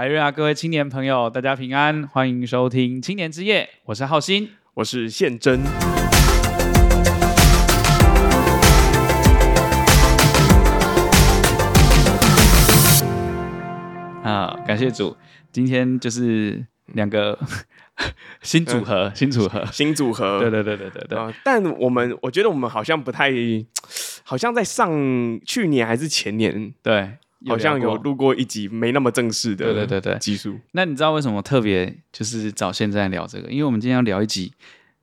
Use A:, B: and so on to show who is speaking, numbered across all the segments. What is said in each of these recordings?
A: 來瑞啊，各位青年朋友，大家平安，歡迎收聽青年之夜，我是浩鑫，
B: 我是憲真。
A: 啊，感
B: 謝主，今天就是兩個新組合，新組合，新組合，嗯、新組合 對對對對對對。啊、但我們我覺得我們好像不太，好像在上去年還是前年，對。好像有錄過一集沒那麼正式的技，對對對
A: 對，技術術。那你知道為什麼特別就是找現在聊這個？因為我們今天要聊一集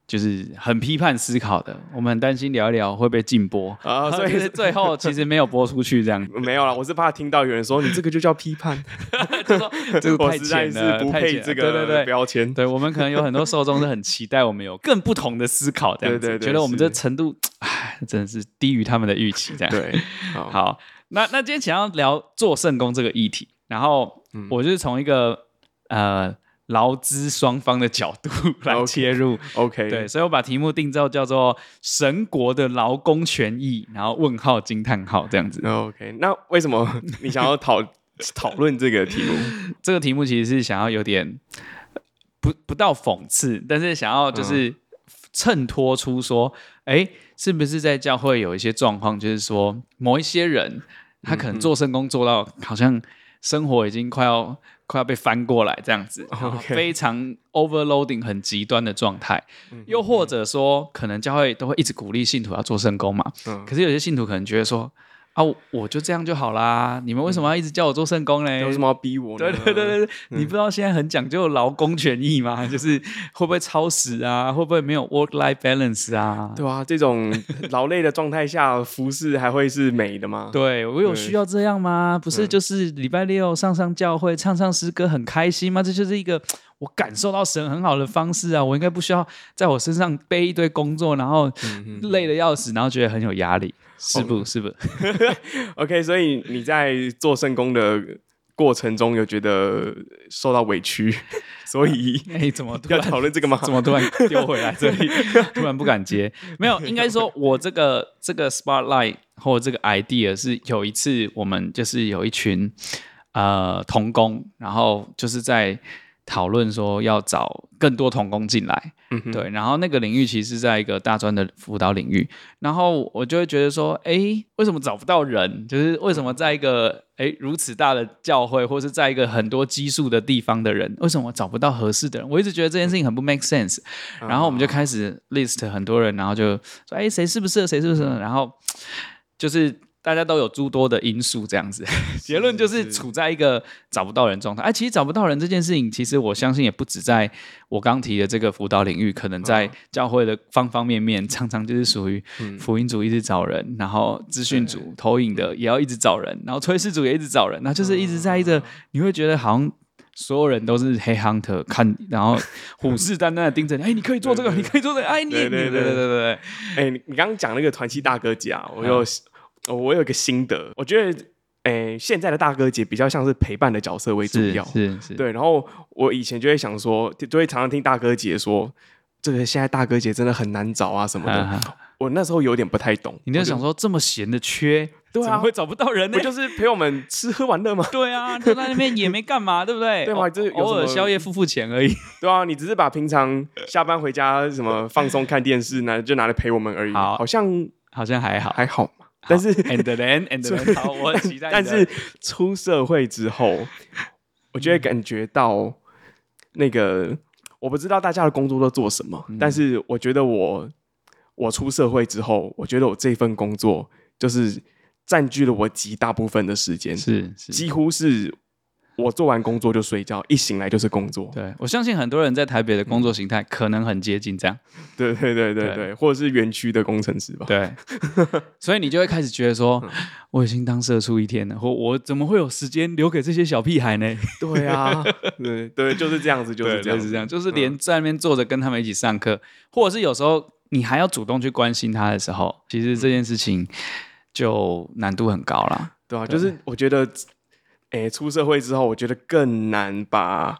A: 就是很批判思考的，我們很擔心聊一聊會被禁播啊，所以後其實最後其實沒有播出去這樣。
B: 沒有啦，我是怕聽到
A: 有人說你這個就叫批判， 就說、就是、實不這個太淺了，太這個對對對標籤對， 對，我們可能有很多受眾是很期待我們有更不同的思考這樣子，對對對，覺得我們這程度是唉真的是低於他們的預期這樣。對，好。好。那那今天想要聊做聖工這個議題，然後我就是從一個、嗯、呃勞資雙方的角度來切入，OK，, okay. 對，所以我把題目定之後叫做“神國的勞工權益”，然後問號驚嘆號這樣子，OK。那為什麼你想要討 討論這個題目？這個題目其實是想要有點不不到諷刺，但是想要就是。嗯襯托出說，哎，是不是在教會有一些狀況，就是說某一些人，他可能做聖工做到、嗯、哼好像生活已經快要快要被翻過來這樣子，Oh, okay. 非常 overloading，很極端的狀態，嗯、哼又或者說可能教會都會一直鼓勵信徒要做聖工嘛，嗯、可是有些信徒可能覺得說。哦、啊、我就這樣就好啦。你們為什麼要一直叫我做聖工嘞？為什麼要逼我呢？對對對對對，嗯、你不知道現在很講究勞工權益嗎？就是會不會超時啊？會
B: 不會沒有 work life balance 啊？對啊，這種勞累的狀態下，服侍還會是美的嗎？ 對我有需要
A: 這樣嗎？嗯、不是，就是禮拜六上上教會，唱唱詩歌，很開心嗎？這就是一個我感受到神很好的方式啊。我應該不需要在我身上背一堆工作，然後累得要死，然後覺得很有壓力。是不，oh.
B: 是不 ，OK。所以你在做聖工的過程中，有覺得受到委屈？所以，哎，怎麼要討論這個嗎、欸？怎麼突然丟回來這裡？
A: 突然不敢接？沒有，應該說，我這個這個 Spotlight 或這個 idea 是有一次，我們就是有一群呃同工，然後就是在。討論說要找更多同工進來，嗯哼，對，然後那個領域其實是在一個大專的輔導領域，然後我就會覺得說，哎，為什麼找不到人？就是為什麼在一個誒如此大的教會，或是在一個很多基數的地方的人，為什麼找不到合適的人？我一直覺得這件事情很不 make sense。然後我們就開始 list 很多人，然後就說，哎，誰是不是？誰是不是？然後就是。大家都有諸多的因素這樣子，是是 結論就是處在一個找不到人狀態。哎，其實找不到人這件事情，其實我相信也不止在我剛提的這個輔導領域，可能在教會的方方面面，常常就是屬於福音組一直找人，嗯、然後資訊組對 投影的也要一直找人，然後炊事組也一直找人，那就是一直在一個，嗯、你會覺得好像所有人都是黑 hunter，看然後虎視眈眈眈的盯着你。哎， 欸、你可以做這個，對對對，你可以做這個。愛你對對對對，對對對對
B: 對對，哎，你你剛剛講那個團契大哥講啊，我又。嗯哦，我有一個心得，我覺得，欸，現在的大哥姐比較像是陪伴的角色為主要，是是對。然後我以前就會想說，就會常常聽大哥姐說，這個現在大哥姐真的很難找啊什麼的。我那時候有點不太懂，你要想說這麼閒的缺，對啊，怎麼會找不到人，不就是陪我們吃喝玩樂嘛。對啊，就在那邊也沒幹嘛，對不對？對嘛，就是偶爾宵夜付付錢而已。對啊，你只是把平常下班回家什麼放鬆看電視拿就拿來陪我們而已，好像好像還好，還好嘛。但是，但是出社會之後，我就會感覺到、嗯、那個，我不知道大家的工作都做什麼，嗯、但是我覺得我，我出社會之後，我覺得我這份工作就是占據了我極大部分的時間，是,是幾乎是。我做完工作就睡覺，一醒來就是工作。對，我
A: 相信很多人在台北的工作形態可能很接近這樣。嗯、對對對對對，對或者是園區的工程師吧。對， 所以你就會開始覺得說，嗯、我已經當社畜一天了，或我，我怎麼會有時間留給這些小屁孩呢？ 對啊，
B: 對 對，就是這樣子，就是這樣子，就是、這樣，就是
A: 連在那邊坐着跟他們一起上課，嗯、或者是有時候你還要主動去關心他的時候，其實這件事情就難度很高了、嗯。
B: 對啊，就是我覺得。誒，出社會之後，我覺得更難把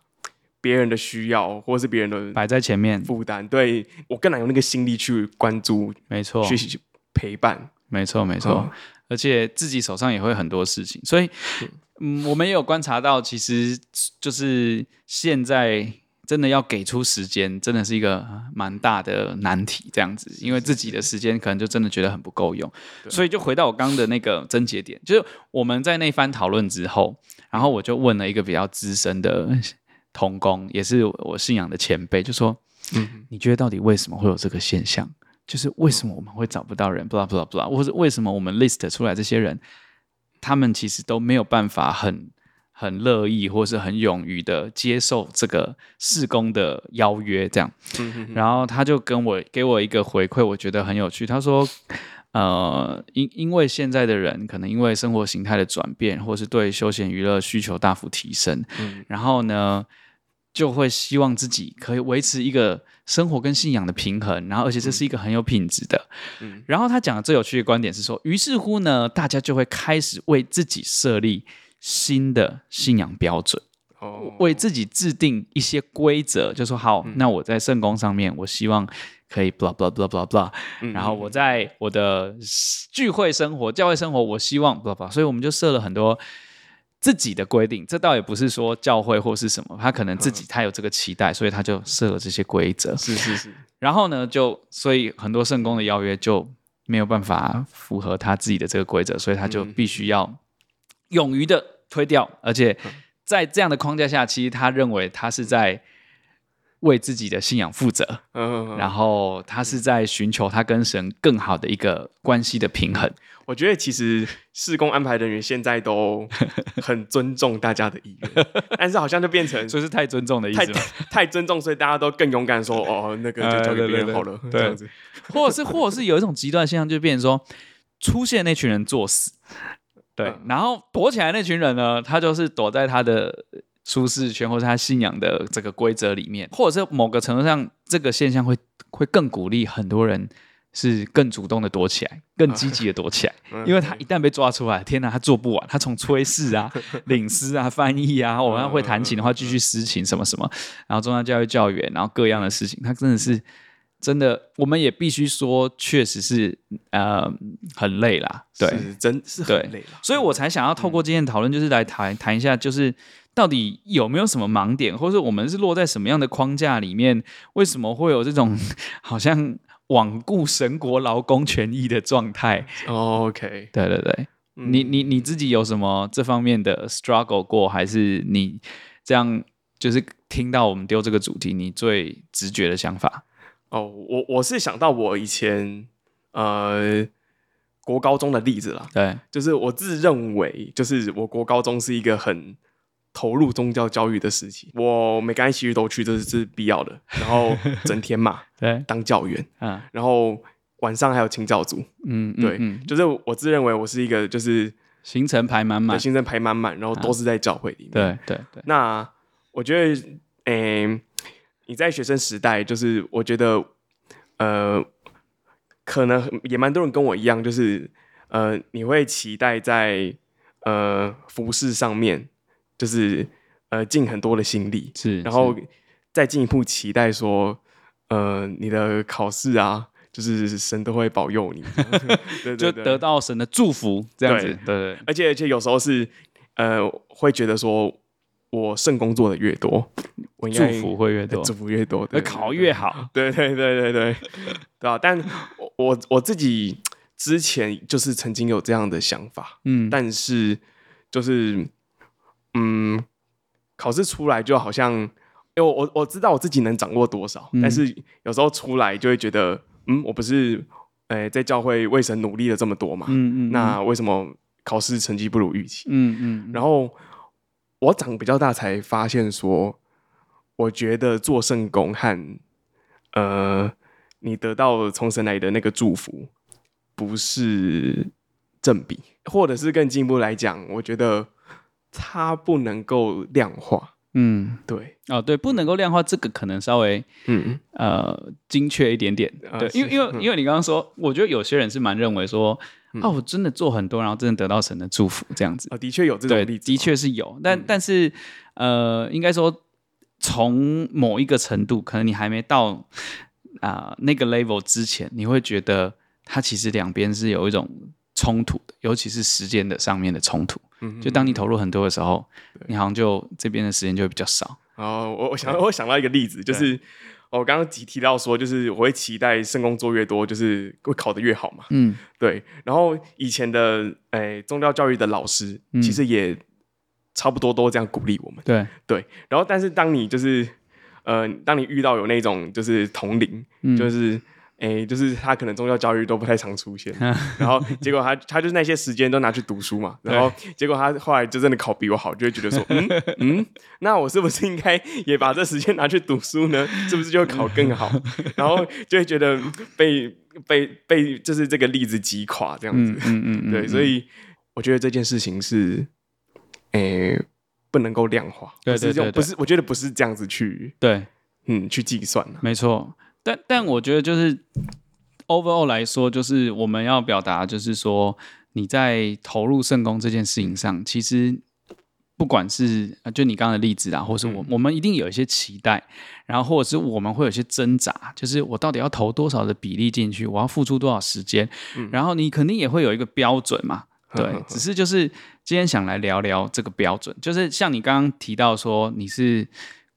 B: 別人的需要或是別人的擺在前面負擔，對，我更難用那個心力去關注，沒錯，去，去陪伴，沒錯，沒錯，Oh.
A: 而且自己手上也會很多事情，所以，對嗯，我們也有觀察到，其實就是現在。真的要給出時間，真的是一個蠻大的難題。這樣子，因為自己的時間可能就真的覺得很不夠用，對所以就回到我剛剛的那個症結點，就是我們在那番討論之後，嗯、然後我就問了一個比較資深的同工，也是我信仰的前輩，就說：“嗯，你覺得到底為什麼會有這個現象？就是為什麼我們會找不到人？blah blah blah，或是為什麼我們 list 出來這些人，他們其實都沒有辦法很？”很樂意，或是很勇於的接受這個事工的邀約，這樣。嗯、哼哼然後他就跟我給我一個回饋，我覺得很有趣。他說，呃，因因為現在的人可能因為生活形態的轉變，或是對休閒娛樂需求大幅提升，嗯，然後呢，就會希望自己可以維持一個生活跟信仰的平衡，然後而且這是一個很有品質的。嗯，嗯然後他講的最有趣的觀點是說，於是乎呢，大家就會開始為自己設立。新的信仰標準，為、oh. 自己制定一些規則，就說好，嗯、那我在聖工上面，我希望可以 bl、ah、blah blah blah blah blah，、嗯、然後我在我的聚會生活、教會生活，我希望 blah blah，所以我們就設了很多自己的規定。這倒也不是說教會或是什麼，他可能自己他有這個期待，所以他就設了這些規則。是是是。 然後呢，就所以很多聖工的邀約就沒有辦法符合他自己的這個規則，所以他就必須要。勇於的推掉，而且在這樣的框架下，其實他認為他是在為自己的信仰負責，嗯嗯嗯、然後他是在尋求他跟神更好的一個關係的平衡。
B: 我覺得其實事工安排人員現在都很尊重大家的意願， 但是好像就變成，所以是太尊重的意思太，太尊重，所以大家都更勇敢說 哦，那個就交給別人好了，這樣子，
A: 或者是或者是有一種極端現象，就變成說 出現那群人作死。對，然後躲起來那群人呢？他就是躲在他的舒適圈或是他信仰的這個規則裡面，或者是某個程度上，這個現象會會更鼓勵很多人是更主動的躲起來，更積極的躲起來，因為他一旦被抓出來，天哪，他做不完，他從炊事啊、 領詩啊、翻譯啊，我們要會彈琴的話繼續司琴什麼什麼，然後宗教教育教員，然後各樣的事情，他真的是。真的，我們也必須說，確實是呃很累啦，對，是真，對，是很累啦。所以我才想要透過今天的討論，就是來談談、嗯、一下，就是到底有沒有什麼盲點，或者我們是落在什麼樣的框架裡面，為什麼會有這種、嗯、好像罔顧神國勞工權益的狀態，哦？OK，對對對，嗯、你你你自己有什麼這方面的 struggle 過，還是你這樣就是聽到我們丟這個主題，你最直覺的想法？
B: 哦，oh, 我我是想到我以前呃國高中的例子了，對，就是我自認為就是我國高中是一個很投入宗教教育的時期，我每個安息日都去，這是必要的。然後整天嘛， 對，當教員，啊、然後晚上還有青教組，嗯，對，嗯、就是我自認為我是一個就是行程排滿滿，行程排滿滿，然後都是在教會裡面，對對、啊、對。對對那我覺得，嗯、欸你在學生時代，就是我覺得，呃，可能也蠻多人跟我一樣，就是呃，你會期待在呃服侍上面，就是呃盡很多的心力，是，然後是再進一步期待說，呃，你的考試啊，就是神都會保佑你， 就得到神的祝福這樣子，對，對對對，而且而且有時候是呃會覺得說，我聖工做的越多，我應該祝福會越多，呃、祝福越多，對對對 考越好，對對對對對對、啊、但我我自己之前就是曾經有這樣的想法，嗯，但是就是嗯，考試出來就好像，因為我我知道我自己能掌握多少，嗯、但是有時候出來就會覺得，嗯，我不是哎在教會為神努力了這麼多嘛，嗯，嗯嗯，那為什麼考試成績不如預期？嗯嗯，然後。我長比較大才發現說，說我覺得做聖工和呃，你得到重生來的那個祝福，不是正比，或者是更進一步來講，我覺得它不能夠量化。嗯，對，
A: 哦對，不能夠量化，這個可能稍微嗯呃精確一點點。啊、對，是因為因為、嗯、因為你剛剛說，我覺得有些人是蠻認為說。哦，我真的做很多，然後真的得到神的祝福，這樣子。啊、哦，的確有這種例子、哦對，的確是有，但、嗯、但是，呃，應該說，從某一個程度，可能你還沒到啊、呃、那個 level 之前，你會覺得它其實兩邊是有一種衝突的，尤其是時間的上面的衝突。嗯哼嗯哼嗯哼，就當你投入很多的時候，對你好像就這邊的時間就會比較少。
B: 哦，我我想我想到一個例子， 就是。我、哦、剛剛提提到說，就是我會期待聖工作越多，就是會考得越好嘛。嗯、對。然後以前的誒，宗教教育的老師、嗯、其實也差不多都這樣鼓勵我們。對對。然後，但是當你就是呃，當你遇到有那種就是同齡，嗯、就是。哎，就是他可能宗教教育都不太常出現。 然後結果他他就那些時間都拿去讀書嘛，然後結果他後來就真的考比我好，就會覺得說，嗯 嗯，那我是不是應該也把這時間拿去讀書呢？是不是就考更好？ 然後就會覺得被被被，被就是這個例子擊垮這樣子，嗯嗯，嗯 對，所以我覺得這件事情是，哎，不能夠量化，對對，對對對，就是就不是，我覺得不是這樣子去，對，嗯，去計算，啊，沒錯。但但我覺得
A: 就是 overall 來說，就是我們要表達，就是說你在投入聖工這件事情上，其實不管是就你剛剛的例子啊，或者是我、嗯、我們一定有一些期待，然後或者是我們會有一些掙扎，就是我到底要投多少的比例進去，我要付出多少時間，嗯、然後你肯定也會有一個標準嘛？對，呵呵呵只是就是今天想來聊聊這個標準，就是像你剛剛提到說你是。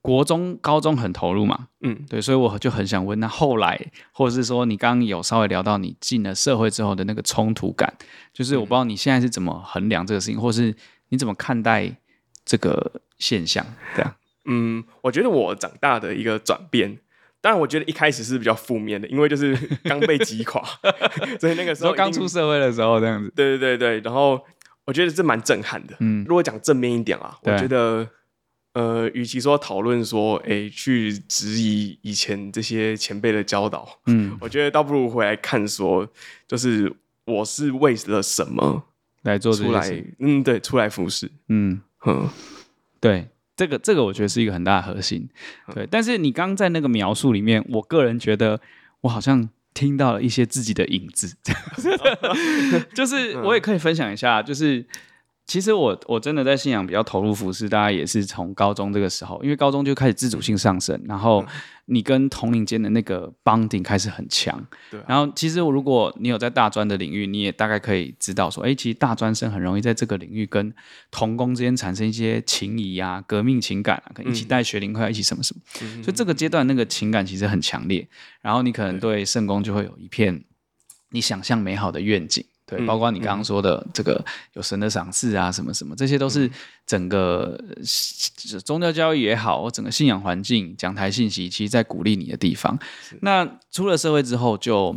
A: 國中、高中很投入嘛，嗯，對，所以我就很想問，那後來，或者是說，你剛剛有稍微聊到你進了社會之後的那個衝突感，就是我不知道你現在是怎麼衡量這個事情，嗯、或是你怎麼看待這個現象，這樣，
B: 嗯、對啊、嗯，我覺得我長大的一個轉變，當然我覺得一開始是比較負面的，因為就是剛被擊垮， 所以那個時候剛出社會的時候這樣子，對對對對，然後我覺得這蠻震撼的，嗯，如果講正面一點啊，對啊。我覺得。呃，與其說討論說，哎，去質疑以前這些前輩的教導，嗯，我覺得倒不如回來看說，就是我是為了什麼來做出來，來做這些事，嗯，對，出來服侍，嗯，
A: 哼，呵，對，
B: 這個這個
A: 我覺得是一個很大的核心，對。嗯，但是你剛剛在那個描述裡面，我個人覺得我好像聽到了一些自己的影子，這樣，就是我也可以分享一下，嗯，就是。其實我我真的在信仰比較投入服侍，大家也是從高中這個時候，因為高中就開始自主性上升，然後你跟同齡間的那個 bonding 開始很強。嗯、對、啊。然後其實我如果你有在大專的領域，你也大概可以知道說，哎，其實大專生很容易在這個領域跟同工之間產生一些情誼啊、革命情感啊，可能一起帶學靈、啊，快要一起什麼什麼。嗯、所以這個階段那個情感其實很強烈，然後你可能對聖工就會有一片你想象美好的願景。對，包括你剛剛說的這個有神的賞賜啊，嗯、什麼什麼，這些都是整個宗教教育也好，整個信仰環境、講台信息，其實，在鼓勵你的地方。是那出了社會之後就，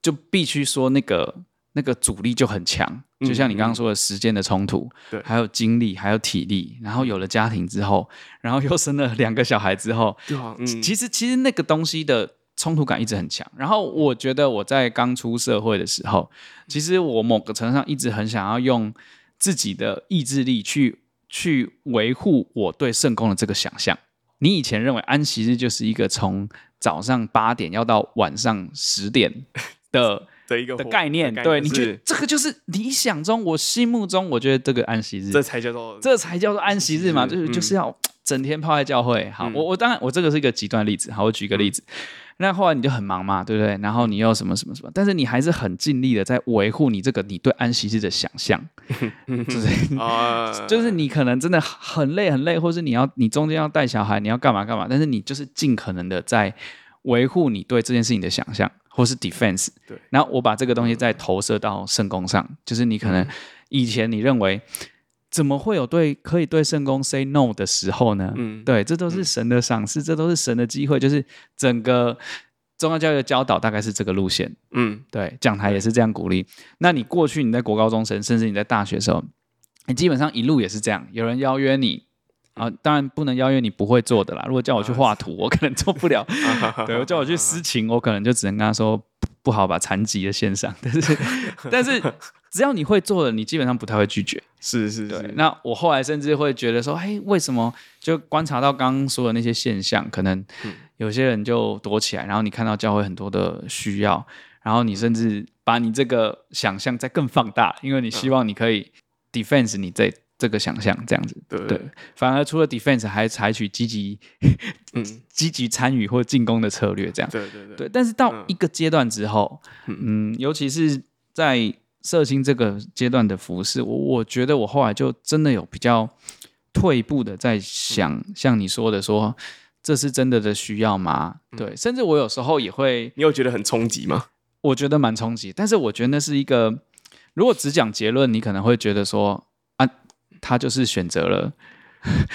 A: 就就必須說那個那個阻力就很強，就像你剛剛說的時間的衝突，對、嗯，還有精力，對還有體力。然後有了家庭之後，然後又生了兩個小孩之後，對啊嗯、其實其實那個東西的。衝突感一直很強，然後我覺得我在剛出社會的時候，其實我某個程度上一直很想要用自己的意志力去去維護我對聖工的這個想象。你以前認為安息日就是一個從早上八點要到晚上十點的
B: 的 一個的概念，對？是你覺得這
A: 個就是理想中我心目中，我覺得這個安息日這才叫做這才叫做安息日嘛，日嘛嗯、就是就是要整天泡在教會。好，嗯、我我當然我這個是一個極端例子，好，我舉個例子。嗯那後來你就很忙嘛，對不對？然後你又什麼什麼什麼，但是你還是很盡力的在維護你這個你對安息日的想象，就是你可能真的很累很累，或是你要你中間要帶小孩，你要幹嘛幹嘛，但是你就是盡可能的在維護你對這件事情的想象，或是 defense。對，然後我把這個東西再投射到聖工上，就是你可能以前你認為。嗯怎麼會有對，可以對聖工 say no 的時候呢？嗯，對，這都是神的賞賜，嗯、這都是神的機會，就是整個宗教教育的教導大概是這個路線。嗯，對，講台也是這樣鼓勵。對那你過去你在國高中生，甚至你在大學時候，你基本上一路也是這樣。有人邀約你啊，當然不能邀約你不會做的啦。如果叫我去畫圖，啊、我可能做不了。啊、 對，叫我去司琴，啊、我可能就只能跟他說不好，把殘疾的獻上。但是， 但是。只要你會做的，你基本上不太會拒絕。是，是是，對。那我後來甚至會覺得說，嘿，為什麼就觀察到剛剛說的那些現象？可能有些人就躲起來，然後你看到教會很多的需要，然後你甚至把你這個想象再更放大，因為你希望你可以 defense 你這這個想象這樣子。嗯、對，反而除了 defense 還採取積極，嗯， 積極參與或進攻的策略這樣。對，對對。對，但是到一個階段之後，嗯，嗯，尤其是在。色星這個階段的服飾，我我覺得我後來就真的有比較退一步的在想，嗯、像你說的說，說這是真的的需要嗎？嗯、對，甚至我有時候也會，你有覺得很衝擊嗎？我覺得蠻衝擊，但是我覺得那是一個，如果只講結論，你可能會覺得說啊，他就是選擇了，嗯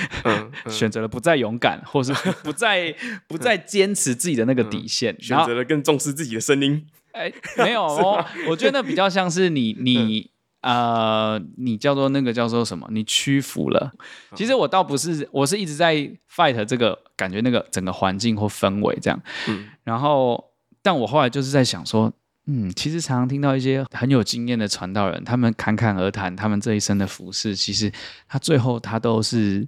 A: 嗯、選擇了不再勇敢，或是不再、嗯、不再堅持自己的那個底線、嗯，選擇了更重視自己的聲音。哎，沒有哦，嗎我覺得那比較像是你，你，嗯、呃，你叫做那個叫做什麼？你屈服了。其實我倒不是，我是一直在 fight 這個感覺，那個整個環境或氛圍這樣。嗯。然後，但我後來就是在想說，嗯，其實常常聽到一些很有經驗的傳道人，他們侃侃而談，他們這一生的服事，其實他最後他都是，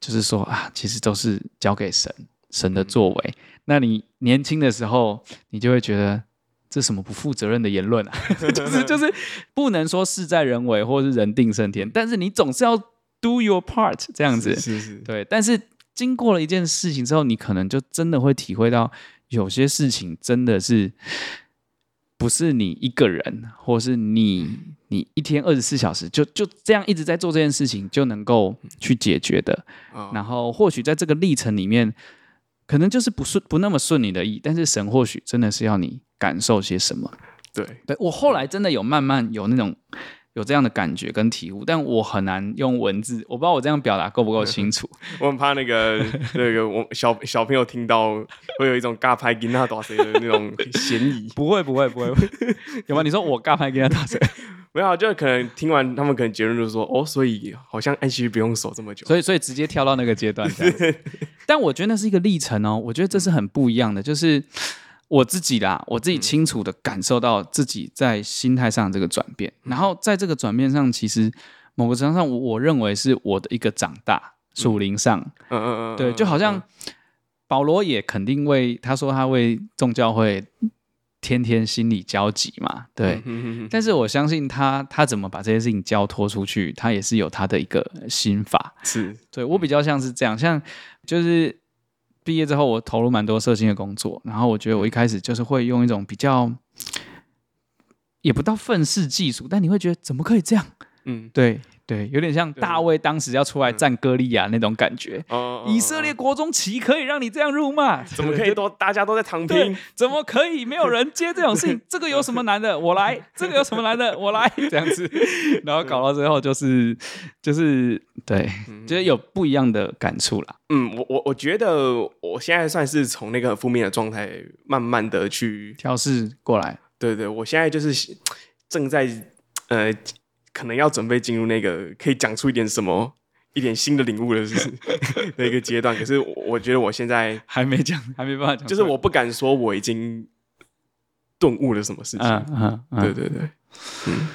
A: 就是說啊，其實都是交給神，神的作為。嗯、那你年輕的時候，你就會覺得。這什麼不負責任的言論啊！就 是就是，就是，不能說事在人為或是人定勝天，但是你總是要 do your part 這樣子，是是是，對。但是經過了一件事情之後，你可能就真的會體會到，有些事情真的是不是你一個人，或是你你一天二十四小時就就這樣一直在做這件事情，就能夠去解決的。哦、然後或許在這個歷程裡面。可能就是不順，不那麼順你的意，但是神或許真的是要你感受些什麼。對，對，我後來真的有慢慢有那種有這樣的感覺跟體悟，但我很難用文字，我不知道我這樣表達夠不夠清楚。
B: 我很怕那個那、 這個我小小朋友聽到會有一種尬拍跟他打誰的那種嫌疑。不會不會不會，不會不會 有嗎？你說我尬拍跟他打誰？沒有，就可能聽完他們，可能結論就是說，哦，所以好像安息不用守這麼久，所以所以直接跳到那個
A: 階段。 但我覺得那是一個歷程哦，我覺得這是很不一樣的，就是我自己啦，我自己清楚的感受到自己在心態上這個轉變，嗯、然後在這個轉變上，其實某個程度上我，我我認為是我的一個長大屬靈上，嗯
B: 嗯嗯，對，嗯、就
A: 好像保羅也肯定為他說他為眾教會。天天心裡焦急嘛，對。嗯、哼哼。但是我相信他，他怎麼把這些事情交托出去，他也是有他的一個心法。是，對，我比較像是這樣，像就是畢業之後，我投入蠻多社青的工作，然後我覺得我一開始就是會用一種比較，也不到憤世嫉俗，但你會覺得怎麼可以這樣？嗯，對。對，有點像大衛當時要出來戰歌利亞，那種感覺。對嗯、以色列國中豈可以讓你這樣辱罵？嗯、對怎麼可以都對大家都在躺平？怎麼可以沒有人接這種事情？ 這個有什麼難的？我來。 這個有什麼難的？我來。 這樣子，然後搞到最後就是就是對，嗯、就是有不一樣的感觸啦。
B: 嗯，我我我覺得我現在算是從那個負面的狀態慢慢的去調適過來。對對，我現在就是正在呃。可能要準備進入那個可以講出一點什麼、一點新的領悟的事情 的一個階段？可是我覺得我現在還沒講，還沒辦法講，就是我不敢說我已經頓悟了什麼事情。嗯、啊，啊啊、對對對，嗯、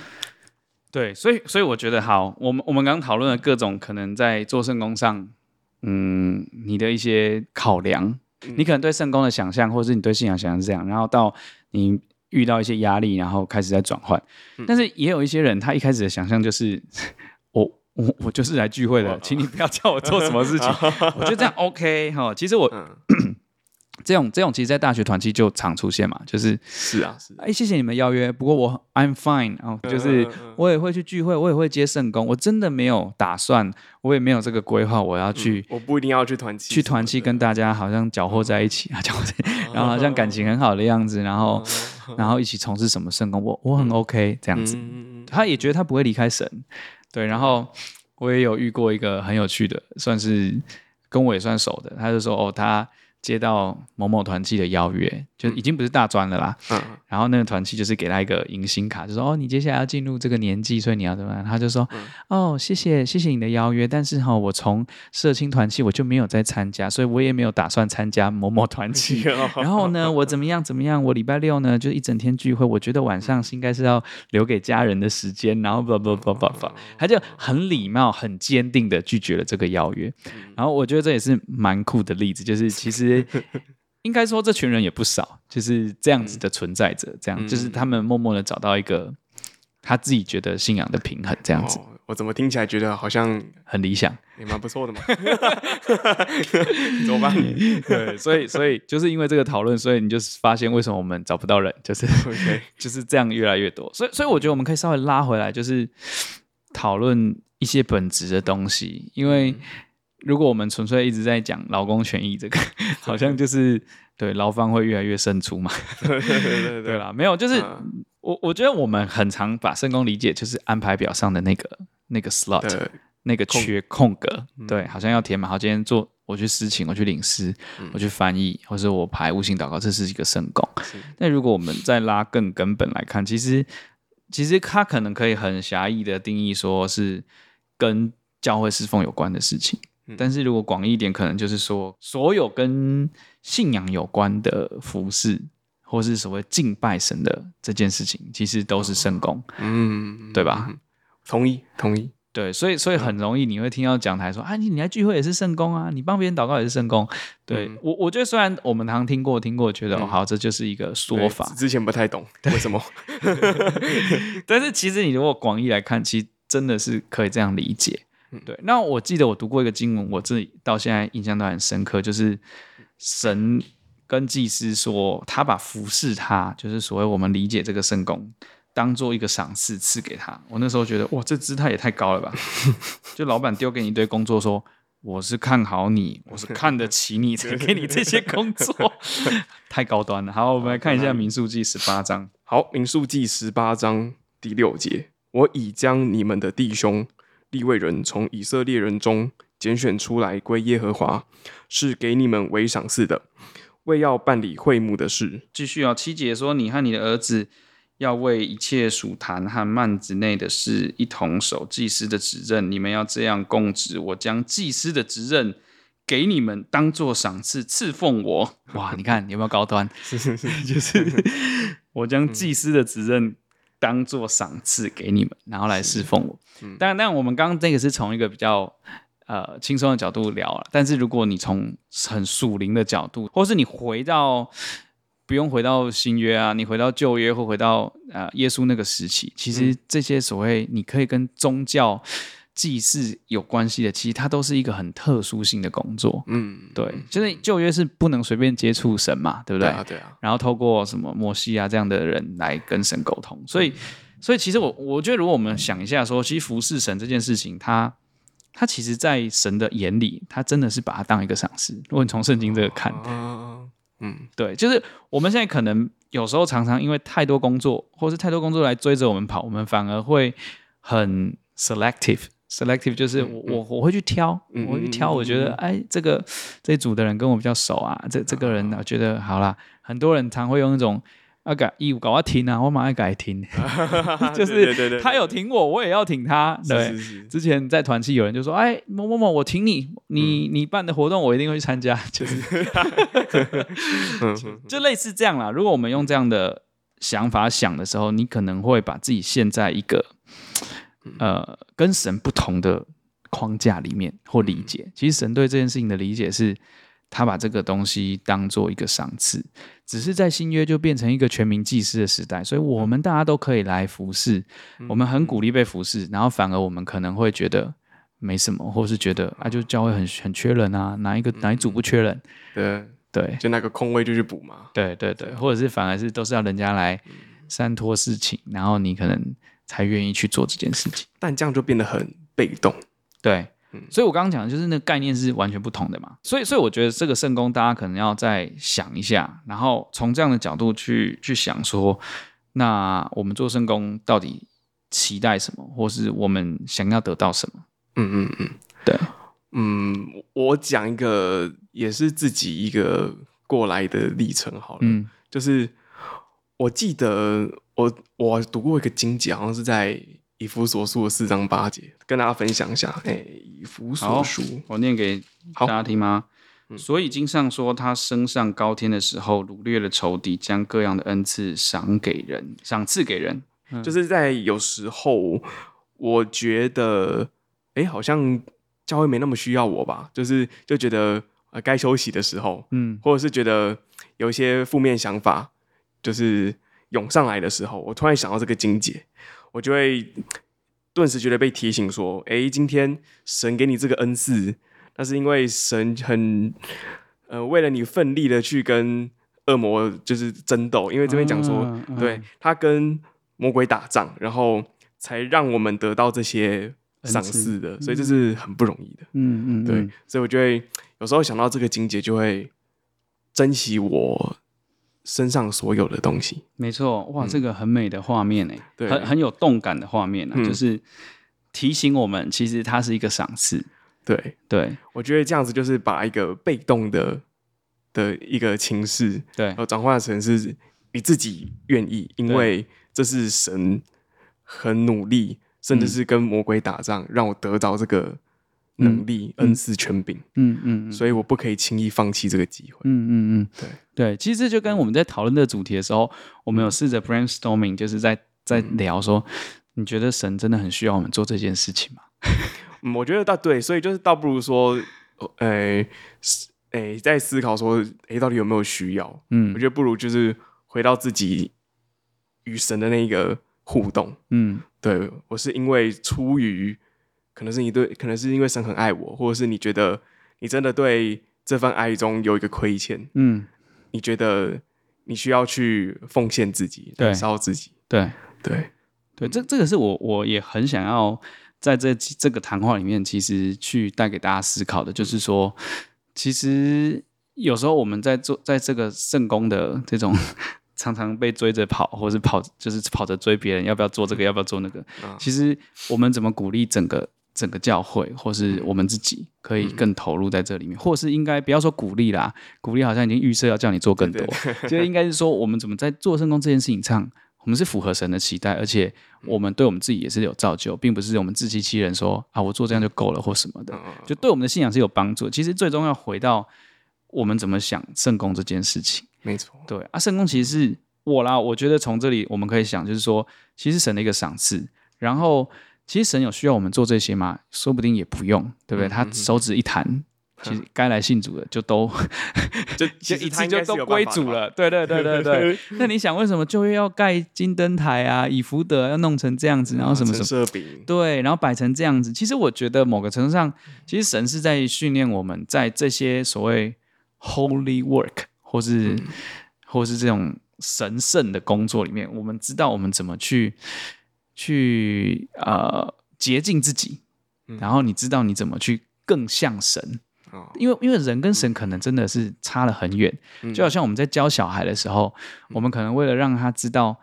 A: 對，所以所以我覺得，好，我們我們剛剛討論了各種可能在做聖工上，嗯，你的一些考量，嗯、你可能對聖工的想象，或是你對信仰想象是這樣，然後到你。遇到一些壓力，然後開始在轉換，但是也有一些人，他一開始的想象就是，我我我就是來聚會的，請你不要叫我做什麼事情，我覺得這樣 OK 哈。其實我這種這種，其實在大學團契就常出現嘛，就是是啊，哎，謝謝你們邀約，不過我 I'm fine 啊，就是我也會去聚會，我也會接聖工，我真的沒有打算，我也沒有這個規劃，我要去，我不一定要去團契，去團契跟大家好像攪和在一起啊，攪和在，然後好像感情很好的樣子，然後。然後一起從事什麼聖工，我我很 OK、嗯、這樣子，他也覺得他不會離開神，嗯、對。然後我也有遇過一個很有趣的，算是跟我也算熟的，他就說，哦，他。接到某某團契的邀約，就已經不是大專了啦。
B: 嗯。
A: 然後那個團契就是給他一個迎新卡，就說：“哦，你接下來要進入這個年紀，所以你要怎麼樣？”他就說：“嗯、哦，謝謝，謝謝你的邀約，但是哈、哦，我從社青團契我就沒有再參加，所以我也沒有打算參加某某團契。嗯”然後呢，我怎麼樣怎麼樣？我禮拜六呢就一整天聚會，我覺得晚上是應該是要留給家人的時間。然後，不不不不不。他就很禮貌、很堅定的拒絕了這個邀約。嗯、然後我覺得這也是蠻酷的例子，就是其實。應該說，這群人也不少，就是這樣子的存在着。嗯、這樣，就是他們默默的找到一個他自己覺得信仰的平衡。這樣子、
B: 哦，我怎麼聽起來覺得好像很理想，也蠻不錯的嘛。走吧。 對，所以，所以就是因為這個討論，所以你就發現
A: 為什麼我們找不到人，就是 Okay. 就是這樣越來越多。所以，所以我覺得我們可以稍微拉回來，就是討論一些本質的東西，因為。嗯如果我們純粹一直在講勞工權益這個，好像就是 對勞方會越來越勝出嘛？ 對對對對，對啦沒有，就是、啊、我我覺得我們很常把聖工理解就是安排表上的那個那個 slot 對那個缺空格，嗯、對，好像要填滿。好，今天做我去司琴，我去領詩，嗯、我去翻譯，或者我排悟性禱告，這是一個聖工。那是如果我們再拉更根本來看，其實其實它可能可以很狹義的定義，說是跟教會侍奉有關的事情。但是如果廣義一點，可能就是說，所有跟信仰有關的服侍，或是所謂敬拜神的這件事情，其實都是聖工哦。嗯，對吧，嗯？同意，同意。對，所以，所以很容易你會聽到講台說：“嗯、啊，你來聚會也是聖工啊，你幫別人禱告也是聖工。對、嗯、我，我覺得雖然我們堂聽過、聽過，覺得、嗯、哦，好，這就是一個說法。之前不太懂對 為什麼， 但是其實你如果廣義來看，其實真的是可以這樣理解。對，那我記得我讀過一個經文，我這到現在印象都很深刻，就是神跟祭司說，他把服侍他，就是所謂我們理解這個聖工，當做一個賞賜賜給他。我那時候覺得，哇，這姿態也太高了吧！ 就老板丟給你一堆工作說，說我是看好
B: 你，我是看得起你
A: 才給你這些工作，
B: 太高端了。好，我們來看一下民宿《民數記》十八章。好，《民數記》十八章第六節，我已將你們的弟兄。利未人從以色列人中揀選出來歸耶和華，是給你們為賞賜的，為要辦理會幕的事。繼續啊、哦，七節說：“
A: 你和你的兒子要為一切屬壇和幔子內的事一同守祭司的職任，你們要這樣供職。我將祭司的職任給你們，當做賞賜，侍奉我。”哇，你看你有沒有高端？ 是
B: 是是，就是
A: 我將祭司的職任、嗯。當做賞賜給你們，然後來侍奉我。嗯、但但我們剛剛那個是從一個比較呃輕鬆的角度聊了，但是如果你從很屬靈的角度，或是你回到不用回到新約啊，你回到舊約或回到、呃、耶穌那個時期，其實這些所謂你可以跟宗教。嗯祭祀有關係的，其實它都是一個很特殊性的工作。嗯，對，就是舊約是不能隨便接觸神嘛，對不對？對啊，對啊。然後透過什麼摩西啊這樣的人來跟神溝通。所以，所以其實我我覺得，如果我們想一下說，說其實服侍神這件事情，它它其實在神的眼裡，它真的是把它當一個賞賜。如果你從聖經這個看，啊，嗯，對，就是我們現在可能有時候常常因為太多工作，或是太多工作來追着我們跑，我們反而會很 selective。Selective 就是我我我會去挑，我會去挑，我覺得哎，這個這一組的人跟我比較熟啊，這這個人我覺得好啦。很多人常會用那種啊改一搞我停啊，我馬上改停，
B: 就是他
A: 有挺我，我也要挺他。對，之前在團契有人就說，哎，某某某，我挺你，你你辦的活動我一定會去參加，就是，就類似這樣啦。如果我們用這樣的想法想的時候，你可能會把自己陷在一個。嗯、呃，跟神不同的框架裡面或理解，嗯、其實神對這件事情的理解是，他把這個東西當做一個賞賜，只是在新約就變成一個全民祭司的時代，所以我們大家都可以來服侍，嗯、我們很鼓勵被服侍，然後反而我們可能會覺得沒什麼，或是覺得、嗯、啊，就教會很很缺人啊，哪一個、嗯、哪一組不缺人？
B: 對對，就那個空位就去補嘛。對對對，或者是
A: 反而是都是要人家來三托四請，嗯、然後你可能。才願意去做這件事情，但這樣就變得很被動，對，嗯、所以，我剛剛講的就是那個概念是完全不同的嘛，所以，所以我覺得這個聖工大家可能要再想一下，然後從這樣的角度去去想說，那我們做聖工到底期待什麼，或是我們想要得到什麼？嗯嗯嗯，對，嗯，
B: 我講一個也是自己一個過來的歷程好了，嗯，就是我記得。我我讀過一個經節，好像是在以弗所書的四章八節，跟大家分享一下。哎，以弗所書，好，我念給大家
A: 聽嗎？嗯、所以經上說，他升上高天的時候，擄掠了仇敵，將各
B: 樣的恩賜賞給人，賞賜給人。嗯、就是在有時候，我覺得，哎，好像教會沒那麼需要我吧，就是就覺得、呃、該休息的時候，嗯，或者是覺得有一些負面想法，就是。湧上來的時候，我突然想到這個經節，我就會頓時覺得被提醒說：“哎，今天神給你這個恩賜，那是因為神很呃，為了你奮力的去跟惡魔就是爭鬥，因為這邊講說，啊、對、嗯、他跟魔鬼打仗，然後才讓我們得到這些賞賜的，賜嗯、所以這是很不容易的。嗯嗯，對，所以我就會有時候想到這個經節，就會珍惜我。”身上所有的東西，
A: 沒錯，哇，嗯、這個很美的畫面哎，對很很有動感的畫面呢，嗯、就是
B: 提醒我們，其實它是一個賞賜，對對，對我覺得這樣子就是把一個被動的的一個情勢，對，呃、轉化成是你自己願意，因為這是神很努力，對甚至是跟魔鬼打仗，嗯、讓我得到這個。能力、嗯嗯、恩賜權柄，嗯嗯，嗯嗯所以我不可以輕易放棄這個機
A: 會，嗯嗯嗯，對、
B: 嗯、對，對其實就跟我們在討論的主題的
A: 時候，嗯、我們有試着 brainstorming，就是在在聊說，嗯、你覺得神真的很需要我們做這件事情嗎？
B: 嗯、我覺得倒對，所以就是倒不如說，呃、欸，誒、欸，在思考說，誒、欸，到底有沒有需要？嗯，我覺得不如就是回到自己與神的那個互動，嗯，對，我是因為出於。可能是你對，可能是因為神很愛我，或者是你覺得你真的對這份愛中有一個虧欠，嗯，你覺得你需要去奉獻自己，對，燒對自己，
A: 對，對，
B: 對，嗯、這這個是我我也很想
A: 要在這這個談話裡面，其實去帶給大家思考的，嗯、就是說，其實有時候我們在做，在這個聖工的這種，常常被追着跑，或是跑，就是跑着追別人，要不要做這個，嗯、要不要做那個，嗯、其實我們怎麼鼓勵整個？整個教會或是我們自己可以更投入在這裡面，嗯、或是應該不要說鼓勵啦，鼓勵好像已經預設要叫你做更多，對對對，就應該是說 我們怎麼在做聖工這件事情上，我們是符合神的期待，而且我們對我們自己也是有造就，並不是我們自欺欺人說啊，我做這樣就夠了或什麼的，就對我們的信仰是有幫助。其實最終要回到我們怎麼想聖工這件事情，沒錯，對啊，聖工其實是我啦，我覺得從這裡我們可以想，就是說其實神的一個賞賜，然後。其實神有需要我們做這些嗎？說不定也不用，對不對？嗯嗯嗯，他手指一彈，嗯、其實該來信主的就都就 一次就都歸主了，對，對對對對對。 那你想，為什麼就要蓋金燈台啊？以弗得、啊、要弄成這樣子，然後什麼什麼？啊、色對，然後擺成這樣子。其實我覺得，某個程度上，其實神是在訓練我們在這些所謂 holy work 或是，嗯、或是這種神聖的工作裡面，我們知道我們怎麼去。去呃，潔淨自己，然後你知道你怎麼去更像神，嗯、因為因為人跟神可能真的是差了很遠，嗯、就好像我們在教小孩的時候，嗯、我們可能為了讓他知道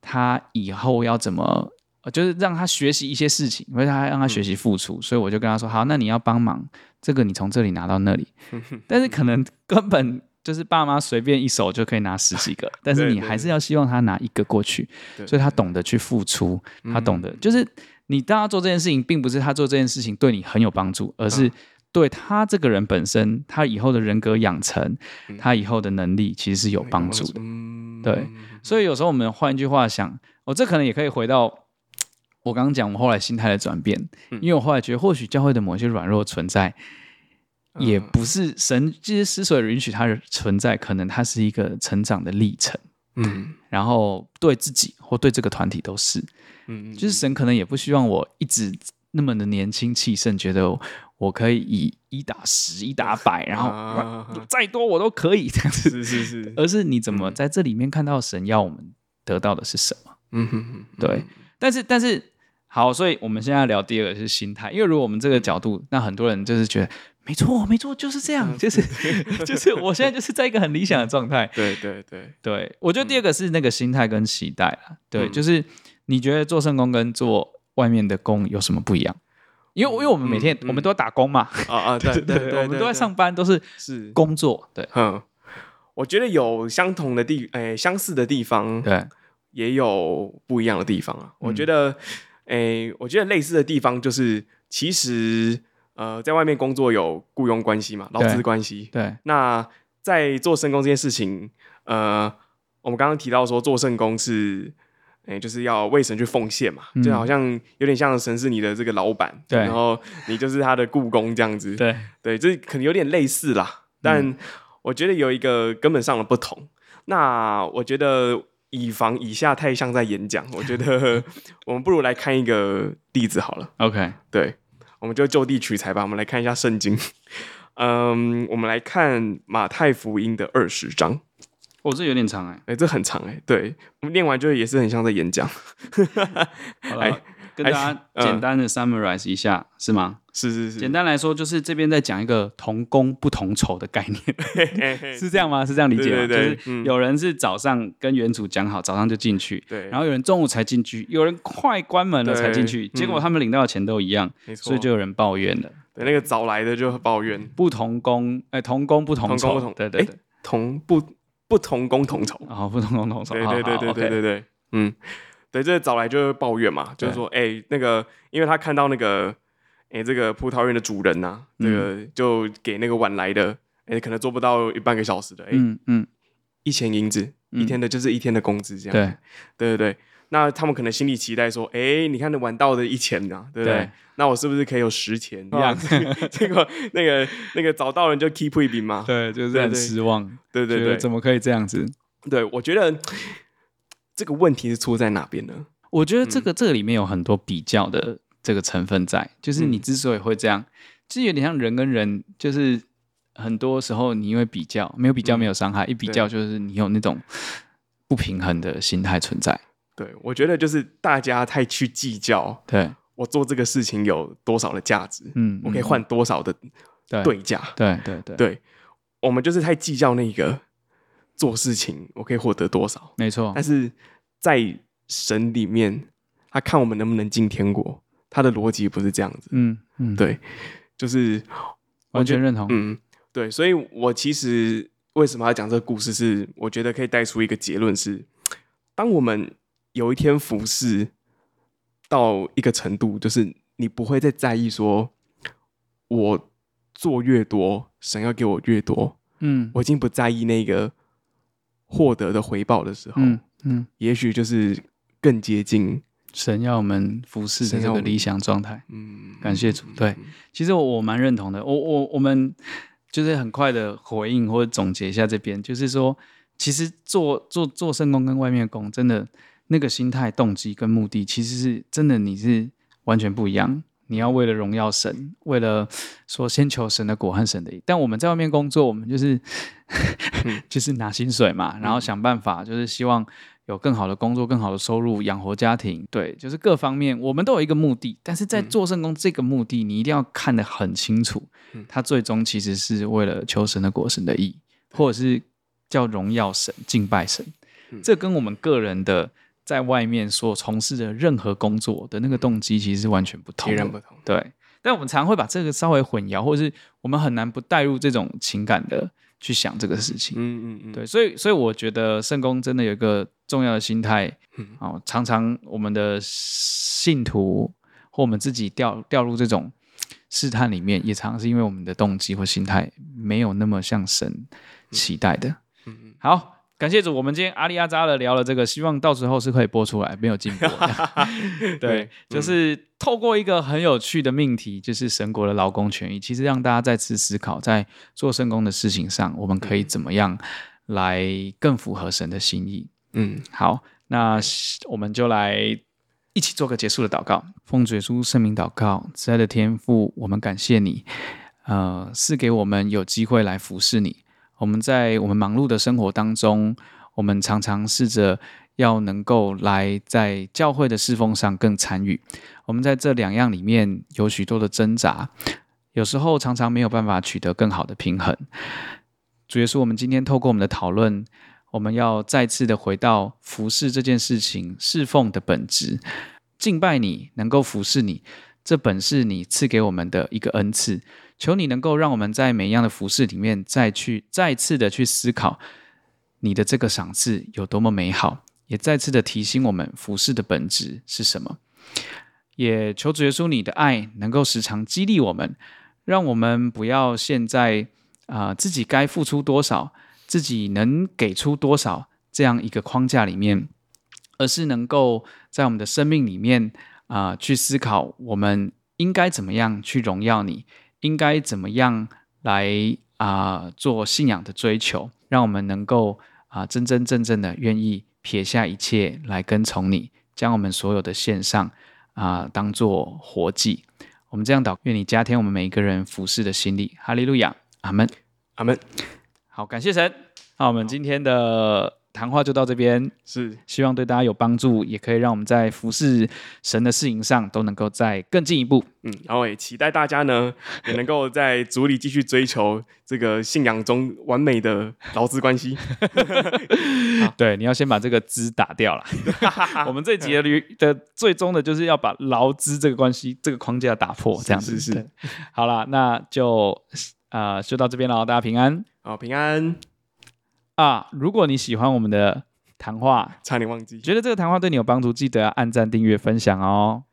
A: 他以後要怎麼，就是讓他學習一些事情，為他讓他學習付出，嗯、所以我就跟他說：“好，那你要幫忙，這個你從這裡拿到那裡。嗯”但是可能根本。就是爸媽隨便一手就可以拿十幾個， 但是你還是要希望他拿一個過去， 對對對，所以他懂得去付出，對對對對，他懂得、嗯、就是你當他做這件事情，並不是他做這件事情對你很有幫助，而是對他這個人本身，他以後的人格養成，嗯、他以後的能力其實是有幫助的。嗯、對，所以有時候我們換一句話想，我、哦、這可能也可以回到我剛剛講我後來心態的轉變，因為我後來覺得或許教會的某些軟弱存在。也不是神，其實之所以允許他的存在，可能他是一個成長的歷程。嗯，然後對自己或對這個團體都是，嗯，就是神可能也不希望我一直那麼的年輕氣盛，覺得我，我可以以一打十、一打百，啊、然後、啊、再多我都可以這樣子。是，是是是。而是你怎麼在這裡面看到神要我們得到的是什麼？嗯，對嗯，但。但是但是好，所以我們現在聊第二個是心態，因為如果我們這個角度，那很多人就是覺得。沒錯，沒錯，就是這樣，就是就是，我現在就是在一個很理想的狀態。 對對對對，對，我覺得第二個是那個心態跟期待啊。嗯、對，就是你覺得做聖工跟做外面的工有什
B: 麼不一樣？因為因為我們每天嗯嗯我們都要打工嘛，啊啊，對對對，對，對，我們都在上班，都是是工作。是對，嗯，我覺得有相同的地，哎、欸，相似的地方，對，也有不一樣的地方啊。我覺得，哎、嗯欸，我覺得類似的地方就是其實。呃，在外面工作有僱傭關係嘛，勞資關係。對。那在做聖工這件事情，呃，我們剛剛提到說做聖工是，誒、欸，就是要為神去奉獻嘛，嗯、就好像有點像神是你的這個老闆，對,對。然後你就是他的僱工這樣子，對。對，這可能有點類似啦，對但我覺得有一個根本上的不同。嗯、那我覺得以防以下太像在演講， 我覺得我們不如來看一個例子好了。OK，對。我們就就地取材吧，我們來看一下聖經。嗯、um，我們來看馬太福音的二十章。哦，這有點長哎、欸，哎，這很長哎、欸。對，我們念完就也是很像在演講。 好啦來。跟大家簡
A: 單的 summarize 一下，是嗎？是是是。簡單來說，就是這邊在講一個同工不同酬的概念，是這樣嗎？是這樣理解嗎？就是有人是早上跟園主講好，早上就進去；然後有人中午才進去，有人快關門了才進去，結果他們領到的錢都一樣，所以就有人抱怨了，對，那個早來的就抱怨。不同工，
B: 哎，同工不同酬，不同，對對對，同不不同工同酬，啊，不同工同酬，對對對對對對對，嗯。對，這早來就是抱怨嘛，就是說，哎，那個，因為他看到那個，哎，這個葡萄園的主人吶，這個就給那個晚來的，哎，可能做不到一半個小時的，哎，嗯，一錢銀子一天的，就是一天的工資這樣。對，對對對，那他們可能心裡期待說，哎，你看那晚到的一錢吶，對不對？那我是不是可以有十錢這樣子？結果那個那個早到人就 keep 一筆嘛。對，就是很失望。對對對，怎
A: 麼可以這樣子？
B: 對，我覺得。這個問題是出在哪邊呢？
A: 我覺得這個、嗯、這個裡面有很多比較的這個成分在，就是你之所以會這樣，其實、嗯、有點像人跟人，就是很多時候你因為比較，沒有比較沒有傷害，嗯、一比較就是你有那種不平衡的心態存在。對，
B: 我覺得就是大家太去計較，對，我做這個事情有多少的價值，嗯，我可以換多少的對價，對對、嗯、對，對，對，對，對，我們就是太計較那個。做事情我可以獲得多少？沒錯，但是在神裡面，他看我們能不能進天國，他的邏輯不是這樣子。嗯嗯，嗯對，就是完全認同。嗯，對，所以我其實為什麼要講這個故事是，是我覺得可以帶出一個結論：是，當我們有一天服侍到一個程度，就是你不會再在意說，我做越多，神要給我越多。嗯，我已經不在意那個。獲得的回報的時候，嗯，嗯，也許就是更接近神要我們服侍的那個理想狀態。嗯，感謝主。對，
A: 其實我，我蠻認同的。我我我們就是很快的回應或者總結一下這邊，就是說，其實做做做，做聖工跟外面的工，真的那個心態、動機跟目的，其實是真的你是完全不一樣。嗯你要為了榮耀神，嗯、為了說先求神的國和神的義。但我們在外面工作，我們就是、嗯、 就是拿薪水嘛，嗯、然後想辦法，就是希望有更好的工作、更好的收入養活家庭。對，就是各方面我們都有一個目的，但是在做聖工這個目的，嗯、你一定要看得很清楚，嗯、它最終其實是為了求神的國、神的義，嗯、或者是叫榮耀神、敬拜神。嗯、這跟我們個人的。在外面所從事的任何工作的那個動機，其實是完全不同的。其實不同的。對，但我們常常會把這個稍微混淆，或者是我們很難不帶入這種情感的去想這個事情。嗯嗯嗯，嗯嗯對，所以所以我覺得聖工真的有一個重要的心態，嗯、哦，常常我們的信徒或我們自己掉掉入這種試探裡面，也常常是因為我們的動機或心態沒有那麼像神期待的。嗯嗯，嗯嗯嗯好。感謝主，我們今天阿里阿扎的聊了這個，希望到時候是可以播出來，沒有禁播。
B: 對，嗯、
A: 就是透過一個很有趣的命題，就是神國的勞工權益，其實讓大家再次思考，在做聖工的事情上，我們可以怎麼樣來更符合神的心意。嗯，好，那我們就來一起做個結束的禱告，嗯《奉主耶穌聖名禱告》，慈愛的天父，我們感謝你，呃，是給我們有機會來服侍你。我們在我們忙碌的生活當中，我們常常試着要能夠來在教會的侍奉上更參與。我們在這兩樣裡面有許多的掙扎，有時候常常沒有辦法取得更好的平衡。主耶穌，我們今天透過我們的討論，我們要再次的回到服侍這件事情，侍奉的本質。敬拜你，能夠服侍你，這本是你賜給我們的一個恩賜。求你能夠讓我們在每一樣的服事裡面，再去再次的去思考你的這個賞賜有多麼美好，也再次的提醒我們服事的本質是什麼。也求主耶穌，你的愛能夠時常激勵我們，讓我們不要陷在啊、呃、自己該付出多少，自己能給出多少這樣一個框架裡面，而是能夠在我們的生命裡面啊、呃、去思考我們應該怎麼樣去榮耀你。應該怎麼樣來啊、呃、做信仰的追求，讓我們能夠啊、呃、真真正正的願意撇下一切來跟從你，將我們所有的獻上啊、呃、當做活祭。我們這樣禱，願你加添我們每一個人服侍的心力。哈利路亞，阿門，阿門。好，感謝神。那我們今天的。談話就到這邊，是希望對大家有幫助，也可以讓我們在服侍神的侍營上都能夠再
B: 更進一步。嗯，然後也期待大家呢也能夠在組裡繼續追求這個信仰中完美的勞資關係。對，你要先把這個資打掉了。 我們這集的的最終的就是要把勞資這個關係
A: 這個框架打破，這樣子是不是，是？好了，那就啊、呃、就到這邊了，大家平安。好，平安。啊！如果你喜歡我們的談話，差點忘記，覺得這個談話對你有幫助，記得按讚、訂閱、分享哦。